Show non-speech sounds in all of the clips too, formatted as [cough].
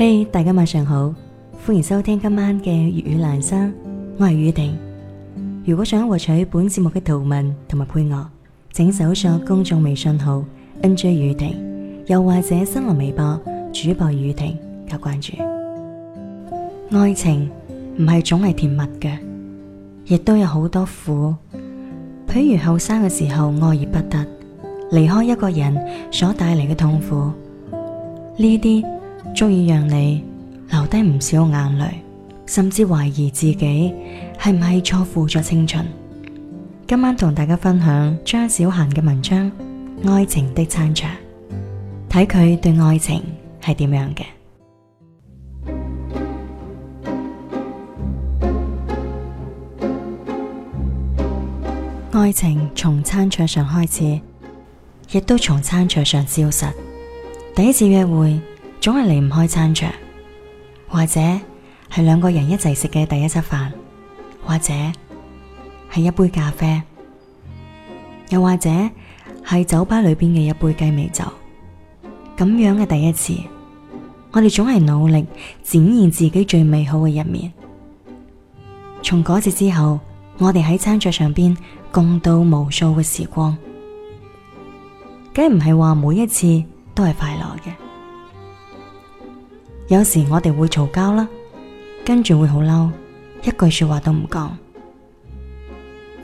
嘿，hey，大家晚上好，歡迎收聽今晚嘅粵語闌珊，我係宇婷。如果想獲取本節目嘅圖文同埋配樂，請搜索公眾微信號 NJ 宇婷，又或者新浪微博主播宇婷加關注。愛情唔係總係甜蜜嘅，亦都有好多苦。譬如後生嘅時候愛而不得，離開一個人所帶嚟嘅痛苦呢啲。足以讓你流低唔少眼淚，甚至懷疑自己係唔係錯付咗青春。今晚同大家分享張小嫻嘅文章《愛情的餐桌》，睇佢對愛情係點樣嘅。 [music] 愛情從餐桌上開始，亦都從餐桌上消失。第一次約會，總係離唔開餐桌，或者係兩個人一齊食嘅第一餐飯，或者係一杯咖啡，又或者係酒吧裏邊嘅一杯雞尾酒。咁樣嘅第一次，我哋總係努力展現自己最美好嘅一面。從嗰次之後，我哋喺餐桌上邊共度無數嘅時光，梗唔係話每一次都係快樂嘅。有時我哋會嘈交啦，跟住會好嬲，一句說話都唔講。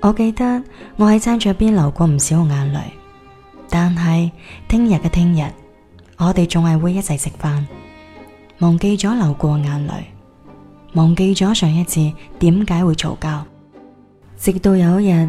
我記得我喺餐桌邊流過唔少眼淚，但係聽日嘅聽日，我哋仲係會一齊食飯，忘記咗流過眼淚，忘記咗上一次點解會嘈交。直到有一日，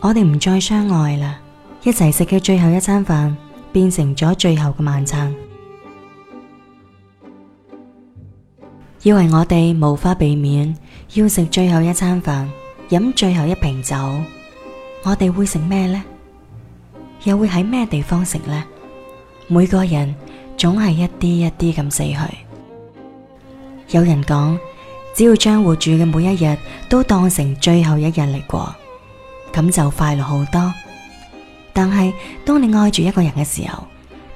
我哋唔再相愛啦，一齊食嘅最後一餐飯變成咗最後嘅晚餐。以為我哋無法避免，要食最後一餐飯、飲最後一瓶酒，我哋會食咩呢？又會喺咩地方食呢？每個人總係一啲一啲咁死去。有人講，只要將活住嘅每一日都當成最後一日嚟過，咁就快樂好多。但係當你愛住一個人嘅時候，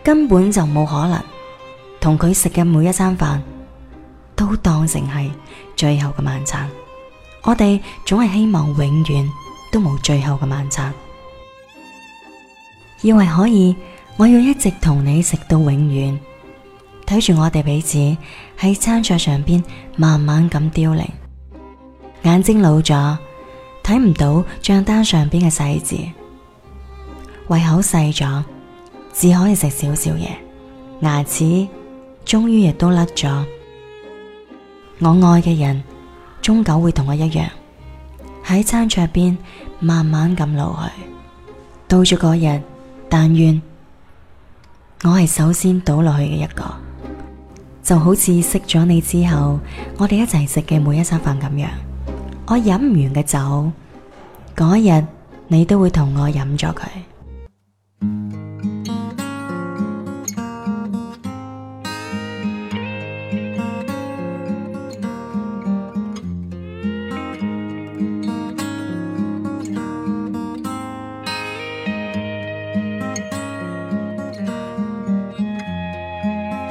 根本就冇可能同佢食嘅每一餐飯，都當成係最後嘅晚餐，我哋總係希望永遠都冇最後嘅晚餐，以為可以，我要一直同你食到永遠，睇住我哋彼此喺餐桌上邊慢慢咁凋零，眼睛老咗睇唔到賬單上邊嘅細字，胃口細咗只可以食少少嘢，牙齒終於亦都甩咗。我愛嘅人，終究會同我一樣，喺餐桌邊慢慢咁老去。到咗嗰日，但願我係首先倒落去嘅一個，就好似識咗你之後，我哋一齊食嘅每一餐飯咁樣，我飲唔完嘅酒，嗰日你都會同我飲咗佢。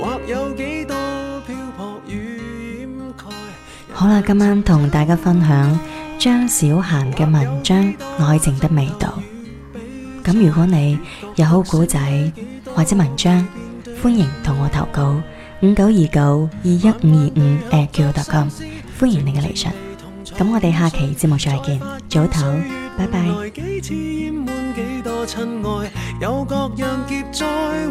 或有幾多漂泊與掩蓋。好啦，今晚同大家分享張小嫻嘅文章《愛情的味道》。咁如果你有好古仔或者文章，歡迎同我投稿五九二九二一五二五 @qq.com。歡迎你嘅嚟信。咁我哋下期節目再見，早唞，拜拜。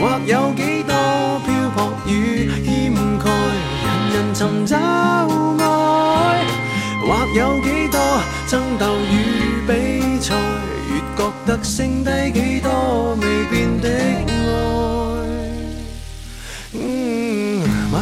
或有幾多漂泊與掩蓋，人人尋找愛；或有幾多爭鬥與比賽，越覺得剩低幾多未變的愛。